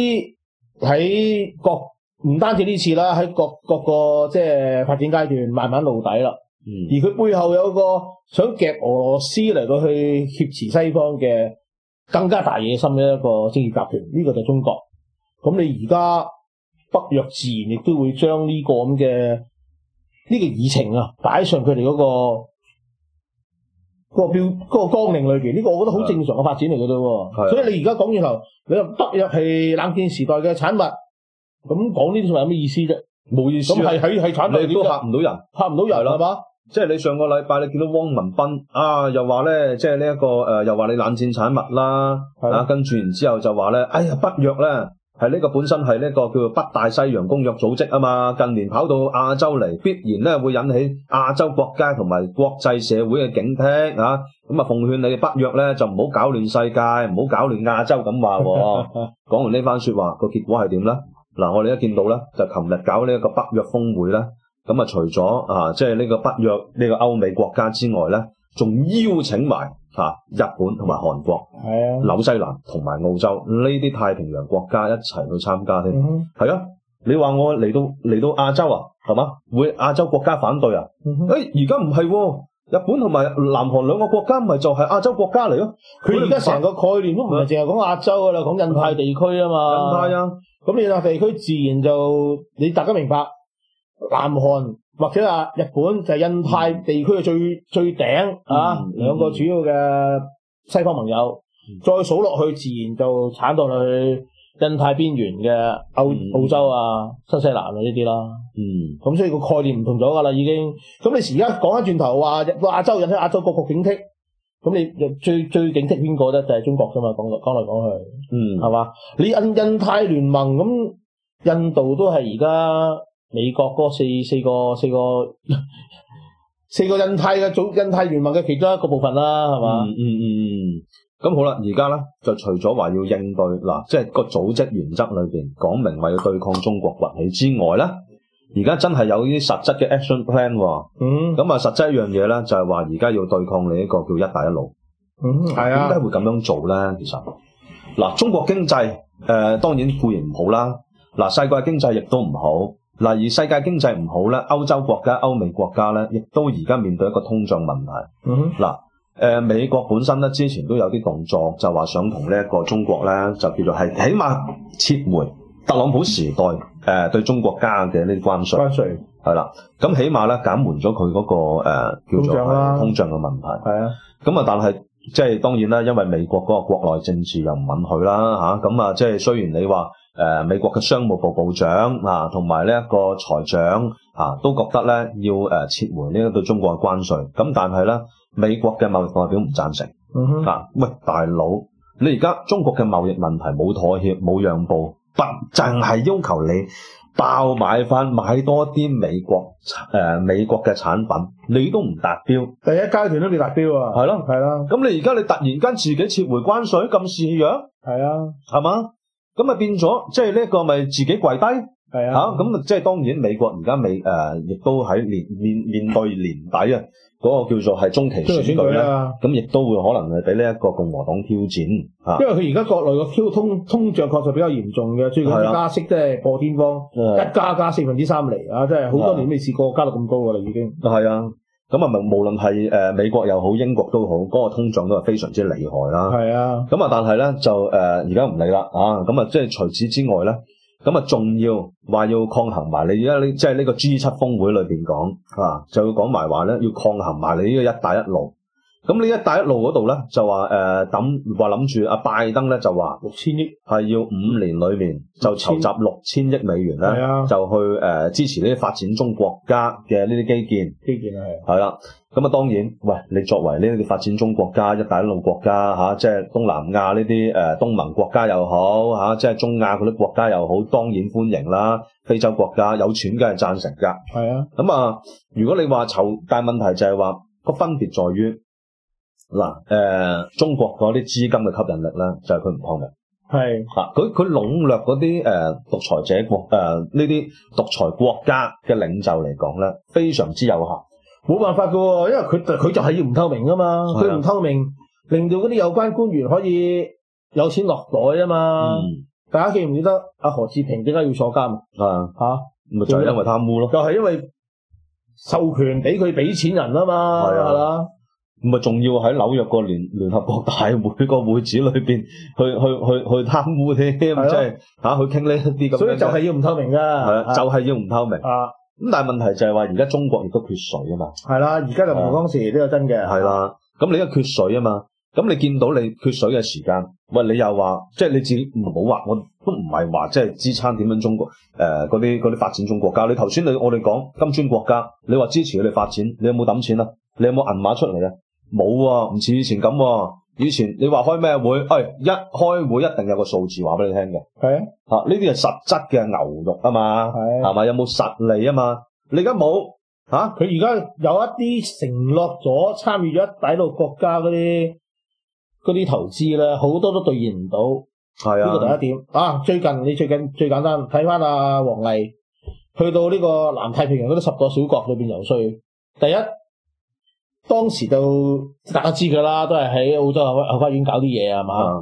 喺國。唔單止呢次啦，喺各各個即係發展階段慢慢露底啦。嗯、而佢背後有個想夾俄羅斯嚟到去挾持西方嘅更加大野心嘅一個政治集團，呢、這個就中國。咁你而家北約自然亦都會將呢個咁嘅呢個議程啊擺上佢哋嗰個嗰、那個標嗰、那個綱領裏邊。呢、這個我覺得好正常嘅發展嚟嘅啫。的所以你而家講完後，你話北約係冷戰時代嘅產物。咁講呢啲話有咩意思啫？冇意思。咁係喺係產你都嚇唔到人，嚇唔到人啦係嘛？即係你上個禮拜你見到汪文斌啊，又話咧，即係呢一個誒、呃，又話你冷戰產物啦啊，跟住然之後就話咧，哎呀北約咧係呢個本身係呢個叫做北大西洋公約組織啊嘛，近年跑到亞洲嚟，必然咧會引起亞洲國家同埋國際社會嘅警惕啊。咁啊，奉勸你嘅北約咧就唔好搞亂世界，唔好搞亂亞洲咁話。講完呢番說話，個結果係點咧？嗱、啊，我哋一見到咧，就琴日搞呢一個北約峰會咧，咁啊除咗啊，即係呢個北約呢、呢個歐美國家之外咧，仲邀請埋嚇、啊、日本同埋韓國、啊、紐西蘭同埋澳洲呢啲太平洋國家一齊去參加添。係、嗯、哼啊，你話我嚟到嚟到亞洲啊，係嘛？會亞洲國家反對啊？誒、嗯哼，而家唔係喎。日本同埋南韓兩個國家，咪就係亞洲國家嚟咯。佢而家成個概念都唔係淨係講亞洲噶啦，講、嗯、印太地區啊嘛。印太啊，咁印太地區自然就你大家明白，南韓或者啊日本就係印太地區嘅最、嗯、最頂、嗯、啊兩個主要嘅西方盟友。嗯、再數落去，自然就產到去印太邊緣嘅歐、嗯、澳洲啊、新西蘭啊呢啲啦。嗯，咁、嗯、所以個概念唔同咗噶啦，已經咁你而家講一轉頭話入亞洲，引起亞洲各國警惕，咁你最最警惕邊個咧？就係中國啫嘛。講講來講去，嗯，係嘛？你印印太聯盟咁，印度都係而家美國嗰四四個四個四個，四個印太嘅組印太聯盟嘅其中一個部分啦，係嘛、嗯？嗯嗯嗯，咁好啦，而家咧就除咗話要應對嗱，即係個組織原則裏邊講明為要對抗中國崛起之外咧。而家真係有呢啲實質嘅 action plan 喎、嗯，咁啊，實質一樣嘢咧，就係話而家要對抗你呢個叫“一帶一路”，係啊、嗯，點解會咁樣做咧？其實，嗱，中國經濟誒、呃、當然固然唔好啦，嗱，世界經濟亦都唔好，嗱，而世界經濟唔好咧，歐洲國家、歐美國家咧，亦都而家面對一個通脹問題。嗱、嗯，誒、呃、美國本身咧之前都有啲動作，就話想同呢一個中國咧，就叫做係起碼撤回。特朗普時代誒、呃、對中國加嘅呢啲關稅，關稅係啦，咁起碼咧減緩咗佢嗰個、呃、叫做通脹嘅問題係啊，咁啊，但係即係當然啦，因為美國嗰個國內政治又唔允許啦嚇，咁啊，啊，即係雖然你話誒、呃、美國嘅商務部部長啊同埋呢一個財長啊都覺得咧要誒撤回呢個對中國嘅關稅，咁但係咧美國嘅貿易代表唔贊成、嗯、哼啊，喂大佬，你而家中國嘅貿易問題冇妥協冇讓步。不淨係要求你爆買返買多啲美國誒、呃、美國嘅產品，你都唔達標，第一階段都未達標啊！係咯、啊，係啦。咁你而家你突然間自己撤回關稅咁示弱，係啊，係嘛？咁啊變咗即係呢一個咪自己跪低，係啊。吓咁即係當然美國而家未誒，亦、呃、都喺年面面，面對年底啊。 嗰個叫做係中期選舉咧，咁亦都會可能係俾呢一個共和黨挑戰嚇，因為佢而家國內嘅超通通脹確實比較嚴重嘅，最近加息真係破天荒，啊、一加加四分之三嚟啊！真係好多年未試過加到咁高㗎啦，已經。係啊，咁啊無無論係誒美國又好，英國都好，嗰、嗰個通脹都係非常之厲害啦。係啊，咁、呃、啊，但係咧就誒而家唔理啦啊，咁啊，即係除此之外咧。咁啊，仲要話要抗衡埋你而家呢，即係呢個 G7 峰會裏邊講啊，就要講埋話咧，要抗衡埋你呢個一帶一路。咁呢一帶一路嗰度咧，就話誒，等話諗住阿拜登咧，就話六千億係要五年裏面就籌集六千億美元啦，就去誒支持呢啲發展中國家嘅呢啲基建。基建啊，係。係啦。咁啊，當然喂，你作為呢啲嘅發展中國家、一帶一路國家吓、啊，即係東南亞呢啲誒東盟國家又好吓、啊，即係中亞嗰啲國家又好，當然歡迎啦。非洲國家有錢梗係贊成噶，係是啊。咁啊，如果你話籌，但係問題就係話個分別在於嗱，誒、啊呃，中國嗰啲資金嘅吸引力咧，就係佢唔透明，係吓是、啊啊，佢佢籠絡嗰啲誒獨裁者國誒呢啲獨裁國家嘅領袖嚟講咧，非常之有效。冇辦法噶因為佢佢就係要唔透明噶嘛，佢唔透明，令到嗰啲有關官員可以有錢落袋啊嘛。大家記唔記得阿何志平點解要坐監？啊吓，咪就係因為貪污咯。就係因為授權俾佢俾錢人啊嘛。係啦，咪仲要喺紐約個聯聯合國大會個會子裏邊去去去去貪污添，即係吓去傾呢啲咁。所以就係要唔透明噶，就係要唔透明啊。咁但係問題就係話，而家中國亦都缺水啊嘛。係啦，而家就當時呢個真嘅。係啦，咁你而家缺水啊嘛，咁你見到你缺水嘅時間，喂，你又話，即係你自己唔好話，我都唔係話即係支撐點樣中國誒嗰啲啲發展中國家。你頭先你我哋講金磚國家，你話支持佢哋發展，你有冇揼錢啊？你有冇銀碼出嚟啊？冇喎，唔似以前咁喎，啊。以前你話開咩會，哎，一開會一定有個數字話俾你聽嘅，係啊，吓呢啲係實質嘅牛肉啊嘛，係嘛，有冇實利啊嘛？你而家冇吓，佢而家有一啲承諾咗參與咗底度國家嗰啲嗰啲投資咧，好多都兌現唔到，係啊，呢個第一點啊。最近你最近最簡單睇翻阿王毅去到呢個南太平洋嗰啲十個小國裏邊游說，第一。當時就大家知㗎啦，都係喺澳洲後後花園搞啲嘢啊嘛。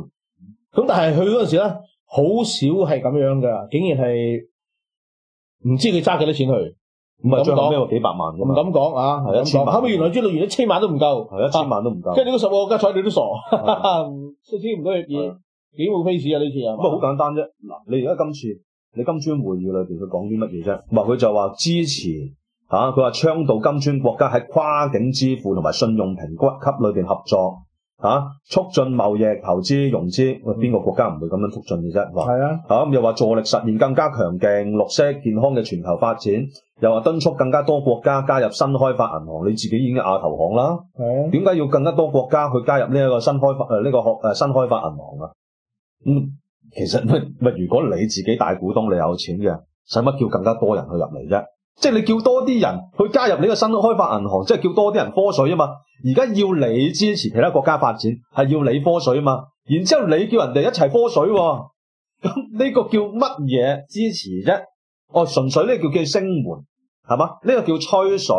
咁但係去嗰陣時咧，好少係咁樣嘅，竟然係唔知佢揸幾多錢去。唔敢講，幾百萬啫。唔敢講啊，一千萬。後尾原來啲錄員一千萬都唔夠，一千萬都唔夠。跟住嗰十個，跟住彩女都傻，聽唔到嘢，幾冇 face 啊！呢次啊。乜好簡單啫？嗱，你而家今次你金磚會議裏邊佢講啲乜嘢啫？唔係佢就話支持。吓佢話，倡導金磚國家喺跨境支付同埋信用評估級裏邊合作，吓、啊、促進貿易投資資、投資、嗯、融資。邊個國家唔會咁樣促進嘅啫？係、嗯、啊，咁又話助力實現更加強勁、綠色、健康嘅全球發展，又話敦促更加多國家加入新開發銀行。你自己已經亞投行啦，點解、嗯、要更加多國家去加入呢一個新開發誒呢、呃這個學誒新開發銀行啊？嗯，其實咪咪、呃呃，如果你自己大股東，你有錢嘅，使乜叫更加多人去入嚟啫？即係你叫多啲人去加入呢個新開發銀行，即係叫多啲人科水啊嘛！而家要你支持其他國家發展，係要你科水啊嘛！然之後你叫人哋一齊科水、啊，咁、嗯、呢、這個叫乜嘢支持啫？哦，純粹呢叫叫聲援，係嘛？呢、這個叫吹水，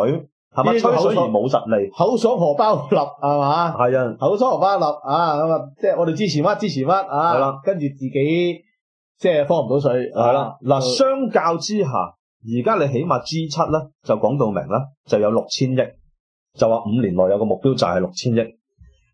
係嘛？吹水而冇實力，口爽荷包立，係嘛？係啊，口爽荷包立啊咁、就是、啊！即係我哋支持乜支持乜啊？跟住自己即係科唔到水，係、啊、啦。嗱，相較之下。喏喏而家你起碼 G7 啦，就講到明啦，就有六千億，就話五年內有個目標就係六千億。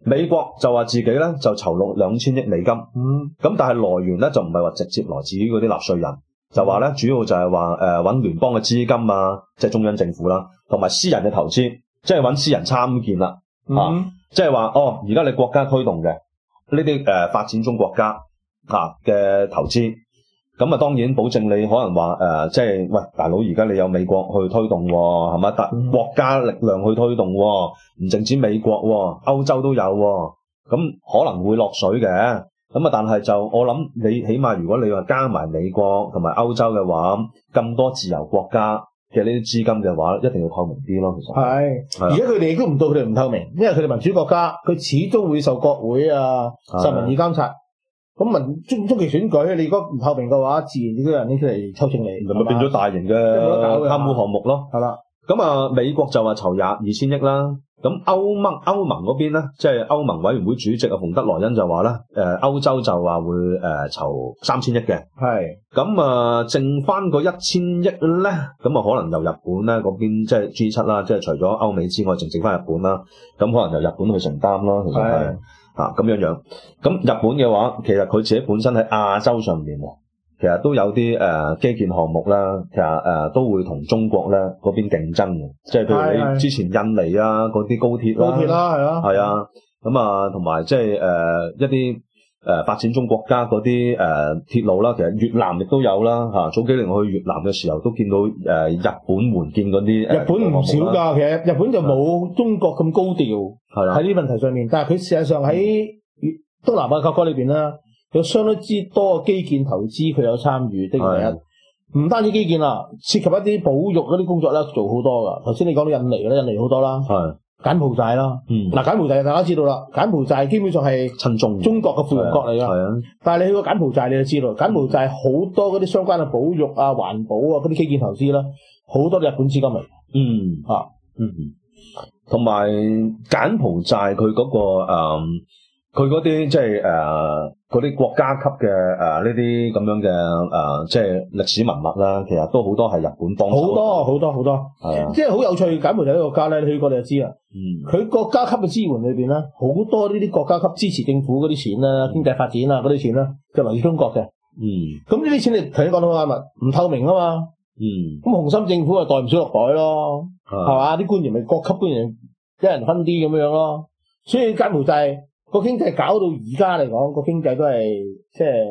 美國就話自己咧就籌六兩千億美金，咁、嗯、但係來源咧就唔係話直接來自於嗰啲納稅人，就話咧、嗯、主要就係話誒搵聯邦嘅資金啊，即、就、係、是、中央政府啦、啊，同埋私人嘅投資，即係搵私人參建啦，啊，即係話哦，而家你國家推動嘅呢啲誒發展中國家啊嘅投資。咁啊，當然保證你可能話誒、呃，即係喂大佬，而家你有美國去推動喎，係咪？但、嗯、國家力量去推動喎，唔淨止美國，歐洲都有喎。咁、嗯、可能會落水嘅。咁啊，但係就我諗，你起碼如果你話加埋美國同埋歐洲嘅話，咁多自由國家嘅呢啲資金嘅話，一定要透明啲咯。其實係，而家佢哋都唔到佢哋唔透明，因為佢哋民主國家，佢始終會受國會啊，受民意監察。咁民中期選舉，你嗰後邊嘅話，自然有人拎出嚟抽錢嚟，咪變咗大型嘅貪污項目咯。係啦了，咁啊美國就話籌廿二千億啦。咁歐盟，歐盟嗰邊咧，即係歐盟委員會主席啊，馮德萊恩就話咧，誒、呃、歐洲就話會誒籌三千億嘅，係咁啊，剩翻個一千億咧，咁啊可能由日本咧嗰邊即係 G 七啦，即係除咗歐美之外，仲剩翻日本啦，咁可能由日本去承擔咯。其實係啊咁樣樣。咁日本嘅話，其實佢自己本身喺亞洲上邊其實都有啲誒基建項目啦，其實誒都會同中國咧嗰邊競爭嘅，即係譬如你之前印尼啊嗰啲高鐵，高鐵啦係啦，係啊咁啊，同埋即係誒一啲誒發展中國家嗰啲誒鐵路啦。其實越南亦都有啦，吓早幾年我去越南嘅時候都見到誒日本援建嗰啲。日本唔少噶，其實日本就冇中國咁高調，係啊，喺呢問題上面，但係佢事實上喺東南亞國家裏邊啦。有相當之多嘅基建投資，佢有參與。第一唔單止基建啦，涉及一啲保育嗰啲工作咧，做好多噶。頭先你講到印尼啦，印尼好多啦，係啊，柬埔寨啦。嗱，嗯、柬埔寨大家知道啦，柬埔寨基本上係親中，中國嘅富國嚟㗎。係啊，但係你去過柬埔寨，你就知道，柬埔寨好多嗰啲相關嘅保育啊、環保啊嗰啲基建投資啦，好多日本資金嚟。嗯啊，嗯，同埋柬埔寨佢嗰、嗰個、嗯嗯佢嗰啲即係誒啲國家級嘅誒呢啲咁樣嘅誒，即係歷史文物啦，其實都好多係日本幫手。好多好多好多，即係好有趣柬埔寨呢個國家咧，你去過你就知啦。佢國家級嘅支援裏邊咧，好多呢啲國家級支持政府嗰啲錢啦，經濟發展啊嗰啲錢啦，就來自中國嘅。嗯，咁呢啲錢你頭先講到文物唔透明啊嘛。嗯，咁洪森政府啊袋唔少落袋咯，係嘛？啲官員咪各級官員一人分啲咁樣咯，所以柬埔寨。個經濟搞到而家嚟講，個經濟都係即係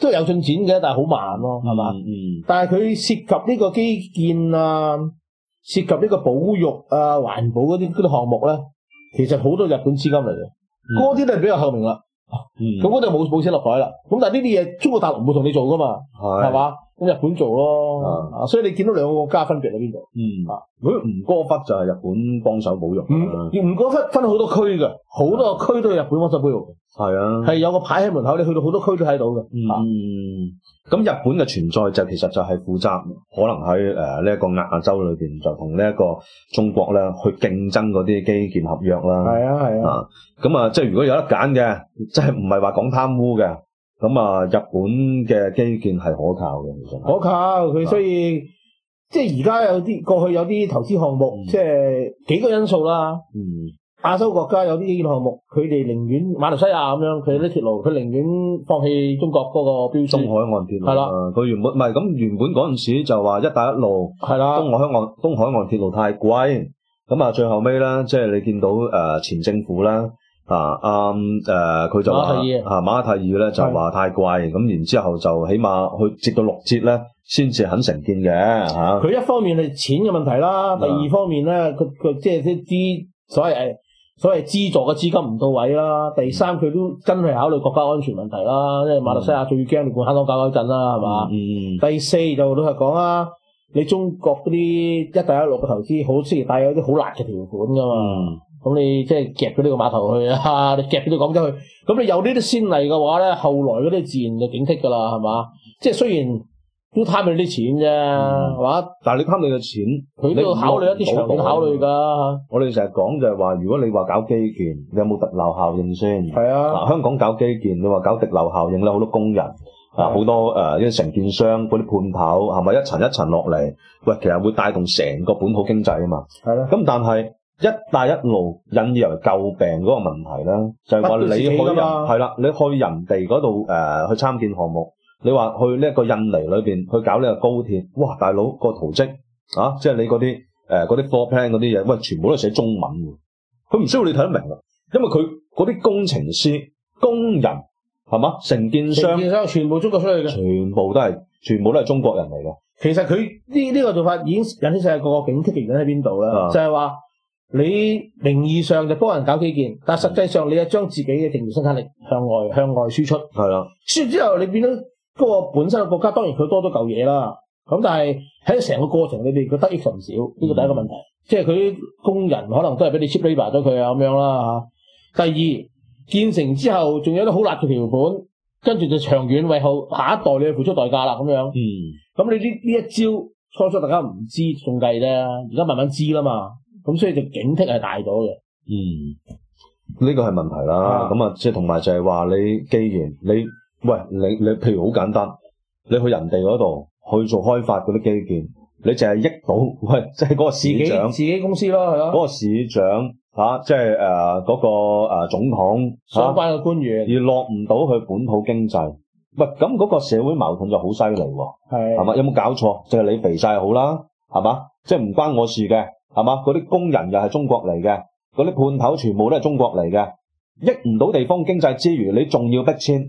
都有進展嘅，但係好慢咯，係嘛？但係佢涉及呢個基建啊，涉及呢個保育啊、環保嗰啲嗰啲項目咧，其實好多日本資金嚟嘅，嗰啲、嗯、都係比較透明啦。咁嗰度冇冇錢落袋啦？咁但係呢啲嘢，中國大陸唔會同你做噶嘛，係嘛是？日本做咯，啊、所以你見到兩個國家分別喺邊度？嗯，嗰啲吳哥窟就係日本幫手保育。嗯，吳、嗯嗯、哥窟分好多區嘅，好多個區都係日本幫手保育。係啊，係有個牌喺門口，你去到好多區都睇到嘅。啊啊、嗯，咁日本嘅存在就其實就係負責，可能喺誒呢一個亞洲裏邊，就同呢一個中國咧去競爭嗰啲基建合約啦。係啊，係啊。咁啊，即係、啊、如果有得揀嘅，即係唔係話講貪污嘅。咁啊，日本嘅基建係可靠嘅，其實可靠佢的所以即係而家有啲過去有啲投資項目，嗯、即係幾個因素啦。嗯、亞洲國家有啲基建項目，佢哋寧願馬來西亞咁樣，佢啲鐵路佢寧願放棄中國嗰個標中海岸鐵路，啊。係啦的，佢原本唔係咁，原本嗰陣時就話一帶一路係啦，的東海岸東海岸鐵路太貴，咁啊最後尾啦，即係你見到誒前政府啦。啊，阿誒，佢就話，啊馬哈蒂爾咧就話太貴，咁然之後就起碼去直到六折咧，先至肯承建嘅吓。佢一方面係錢嘅問題啦，第二方面咧，佢佢即係啲資所謂誒所謂資助嘅資金唔到位啦。第三，佢都真係考慮國家安全問題啦，即係馬來西亞最驚你管香港搞搞震啦，係嘛？嗯。第四就老實講啦，你中國嗰啲一帶一路嘅投資，好似帶有啲好難嘅條款噶嘛。咁你即係夾咗呢個碼頭去啊！你夾咗到廣州去，咁你有呢啲先例嘅話咧，後來嗰啲自然就警惕㗎喇，係嘛？即係雖然都貪你啲錢啫，係嘛？但係你貪你嘅錢，佢都要考慮一啲長遠考慮㗎。我哋成日講就係話，如果你話搞基建，你有冇滴漏效應先？係啊，嗱，香港搞基建，你話搞滴漏效應啦，好多工人啊，好多誒啲承建商嗰啲判頭，係咪一層一層落嚟？喂，其實會帶動成個本土經濟啊嘛。係啦，咁但係。一帶一路引以為詬病嗰個問題啦，就係、是、話你去人係啦，你去人哋嗰度誒去參建項目，你話去呢一個印尼裏邊去搞呢個高鐵，哇！大佬、嗰個圖則啊，即係你嗰啲誒嗰啲 plan 嗰啲嘢，喂，全部都係寫中文，佢唔需要你睇得明啦，因為佢嗰啲工程師、工人係嘛，承建商，承建商全部中國出嚟嘅，全部都係全部都係中國人嚟嘅。其實佢呢呢個做法已經引起世界個警惕嘅原因喺邊度咧？啊、就係話。你名義上就幫人搞基建，但係實際上你係將自己嘅營業生產力向外向外輸出，係啊的，輸完之後你變咗嗰個本身嘅國家，當然佢多咗嚿嘢啦。咁但係喺成個過程裏邊，佢得益甚少，呢個第一個問題，嗯、即係佢工人可能都係俾你 cheap labour 咗佢啊咁樣啦嚇。第二建成之後仲有啲好辣嘅條款，跟住就長遠為好下一代你要付出代價啦咁樣。嗯，咁你呢呢一招初初大家唔知，仲計啫，而家慢慢知啦嘛。咁所以就警惕係大咗嘅，嗯，呢、這個係問題啦。咁啊是的，即係同埋就係話你既然你，喂，你你，譬如好簡單，你去人哋嗰度去做開發嗰啲基建，你淨係益到喂，即係嗰個市長自、自己公司咯，係咯，嗰個市長吓，即係誒嗰個誒總統，相關嘅官員，啊，而落唔到去本土經濟，喂，係咁嗰個社會矛盾就好犀利喎，係係嘛？有冇搞錯？即係你肥晒好啦，係嘛？即係唔關我事嘅。係嘛？嗰啲工人又係中國嚟嘅，嗰啲判頭全部都係中國嚟嘅，益唔到地方經濟之餘，你仲要逼遷，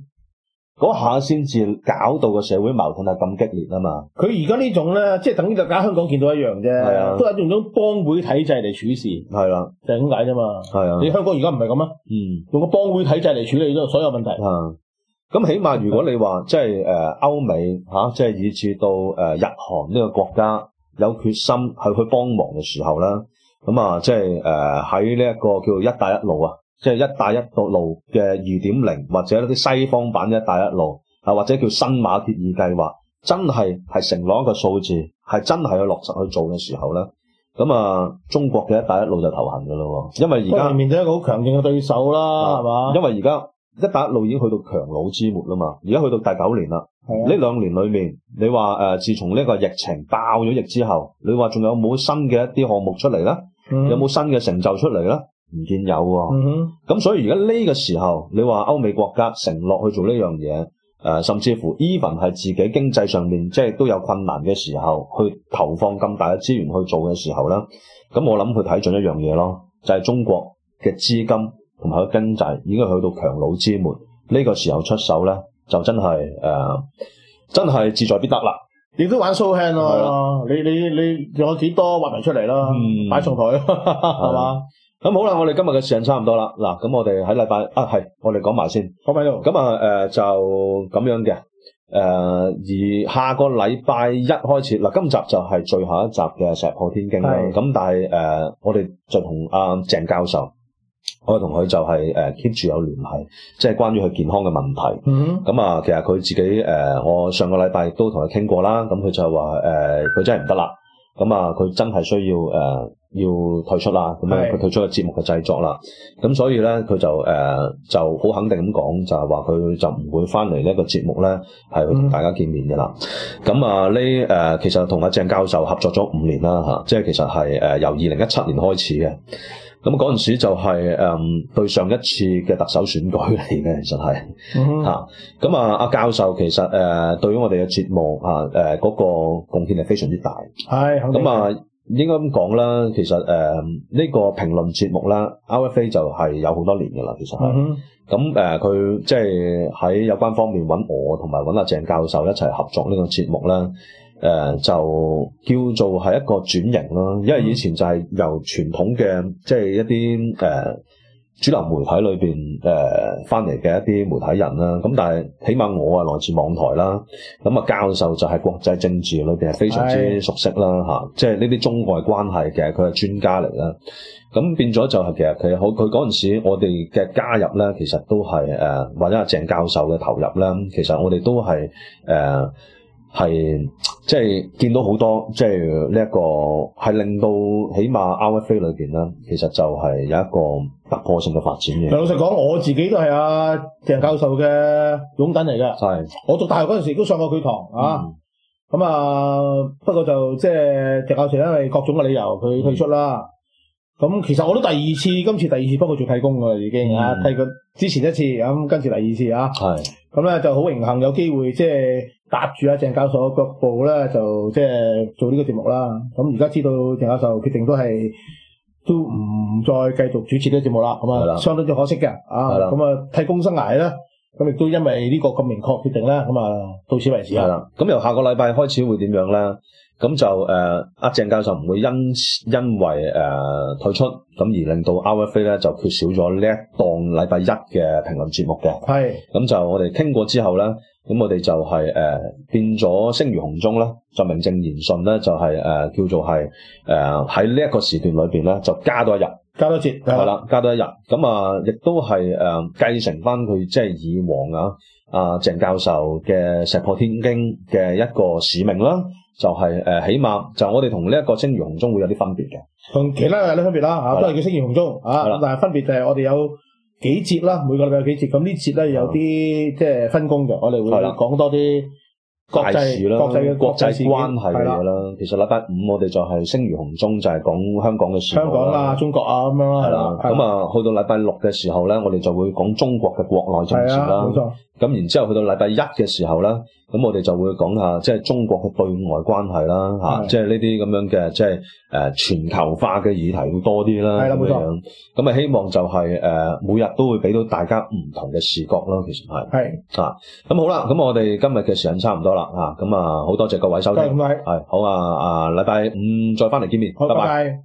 嗰下先至搞到個社會矛盾係咁激烈啊嘛！佢而家呢種咧，即係等於就喺香港見到一樣啫，啊、都係用咗幫會體制嚟處事，係啦，就係咁解啫嘛。係啊，啊你香港而家唔係咁啊？嗯，用個幫會體制嚟處理咗所有問題。啊，咁起碼如果你話即係誒歐美吓、啊，即係以至到誒日韓呢個國家。有決心去去幫忙嘅時候啦，咁啊、就是，即係誒喺呢一個叫做一帶一路啊，即、就、係、是、一帶一路路嘅二點零或者一啲西方版一帶一路啊，或者叫新馬歇爾計劃，真係係承諾一個數字，係真係去落實去做嘅時候咧，咁啊，中國嘅一帶一路就頭痕噶咯，因為而家面對一個好強勁嘅對手啦，係嘛、啊？吧因為而家一帶一路已經去到強弩之末啦嘛，而家去到第九年啦。呢兩年裏面，你話誒、呃，自從呢個疫情爆咗疫之後，你話仲有冇新嘅一啲項目出嚟呢？嗯、有冇新嘅成就出嚟呢？唔見有喎、啊。咁、嗯、哼所以而家呢個時候，你話歐美國家承諾去做呢樣嘢，誒、呃，甚至乎 even 係自己經濟上面即係都有困難嘅時候，去投放咁大嘅資源去做嘅時候呢。咁我諗佢睇準一樣嘢咯，就係、是、中國嘅資金同埋個經濟已經去到，到強弩之末，呢、這個時候出手呢。就真係誒，真係志在必得啦！亦都玩 show hand 啦，你你你有幾多話題出嚟啦？擺上台係嘛？咁好啦，我哋今日嘅時間差唔多啦。嗱，咁我哋喺禮拜啊，係我哋講埋先，講埋咁啊，誒，就咁樣嘅誒，而下個禮拜一開始嗱，今集就係最後一集嘅《碩破天驚》啦。咁但係誒，我哋就同阿鄭教授。我同佢就係誒 keep 住有聯繫，即係關於佢健康嘅問題。咁啊、嗯，其實佢自己誒、呃，我上個禮拜亦都同佢傾過啦。咁、嗯、佢就話誒，佢、呃、真係唔得啦。咁、嗯、啊，佢真係需要誒、呃、要退出啦。咁樣佢退出個節目嘅製作啦。咁是所以咧，佢就誒、呃、就好肯定咁講，就係話佢就唔會翻嚟呢個節目咧，係去同大家見面嘅啦。咁啊、嗯，呢、呃、誒其實同阿鄭教授合作咗五年啦吓，即係其實係誒由二零一七年開始嘅。咁嗰陣時就係誒對上一次嘅特首選舉嚟嘅，其實係嚇。咁、mm hmm. 啊，阿教授其實誒對於我哋嘅節目嚇誒嗰個貢獻係非常之大。係、mm，咁、hmm. 啊、嗯、應該咁講啦。其實誒呢個評論節目啦，RFA 就係有好多年嘅啦，其實係。咁誒佢即係喺有關方面揾我同埋揾阿鄭教授一齊合作呢個節目啦。誒、呃、就叫做係一個轉型咯，因為以前就係由傳統嘅即係一啲誒、呃、主流媒體裏邊誒翻嚟嘅一啲媒體人啦，咁但係起碼我啊來自網台啦，咁啊教授就係國際政治裏邊係非常之熟悉啦嚇，即係呢啲中外關係嘅佢係專家嚟啦，咁變咗就係其實佢好佢嗰陣時我哋嘅加入咧，其實都係誒、呃、或者阿鄭教授嘅投入咧，其實我哋都係誒。呃係，即係見到好多，即係呢一個係令到起碼 RFA 裏邊啦。其實就係有一個突破性嘅發展嘅。老實講，我自己都係阿鄭教授嘅擁躉嚟嘅。係是，我讀大學嗰陣時都上過佢堂啊。咁、嗯、啊，不過就即係鄭教授因為各種嘅理由，佢退出啦。咁、嗯、其實我都第二次，今次第二次幫佢做替工㗎啦，已經啊，替佢、嗯、之前一次，咁跟住第二次啊。係、嗯。咁咧是就好榮幸有機會即係。即搭住阿鄭教授嘅腳步咧，就即係做呢個節目啦。咁而家知道鄭教授決定都係都唔再繼續主持呢個節目啦。咁啊，相當之可惜嘅啊。咁啊，替工生涯啦。咁亦都因為呢個咁明確決定咧，咁啊，到此為止啦。咁由下個禮拜開始會點樣咧？咁就誒阿鄭教授唔會因因為誒退出咁而令到 RFA 飛咧就缺少咗呢一檔禮拜一嘅評論節目嘅是的、嗯。係咁就我哋傾過之後咧，咁我哋就係誒變咗聲如紅鐘啦，就名正言順咧，就係誒叫做係誒喺呢一個時段裏邊咧，就加，了加多一日，加多節係啦，加多一日。咁啊，亦都係誒繼承翻佢即係以往啊阿、呃、鄭教授嘅石破天驚嘅一個使命啦。就係誒，起碼就我哋同呢一個聲如洪鐘會有啲分別嘅，同其他有啲分別啦吓，都係叫聲如洪鐘啊，但係分別就係我哋有幾節啦，每個禮拜有幾節，咁呢節咧有啲即係分工嘅，我哋會講多啲國際啦，國際嘅國際關係嘅嘢啦。其實禮拜五我哋就係聲如洪鐘就係講香港嘅事，香港啊、中國啊咁樣啦，係啦。咁啊，去到禮拜六嘅時候咧，我哋就會講中國嘅國內政治啦。冇咁然之後去到禮拜一嘅時候咧，咁我哋就會講下即係中國嘅對外關係啦，嚇，係，即係呢啲咁樣嘅即係誒全球化嘅議題會多啲啦，係啦，咁樣。咁啊冇錯。希望就係誒每日都會俾到大家唔同嘅視角啦，其實係。係啊。嚇，咁好啦，咁我哋今日嘅時間差唔多啦，嚇，咁啊好多謝各位收聽，係，係，好啊，啊禮拜五再翻嚟見面，好，拜拜。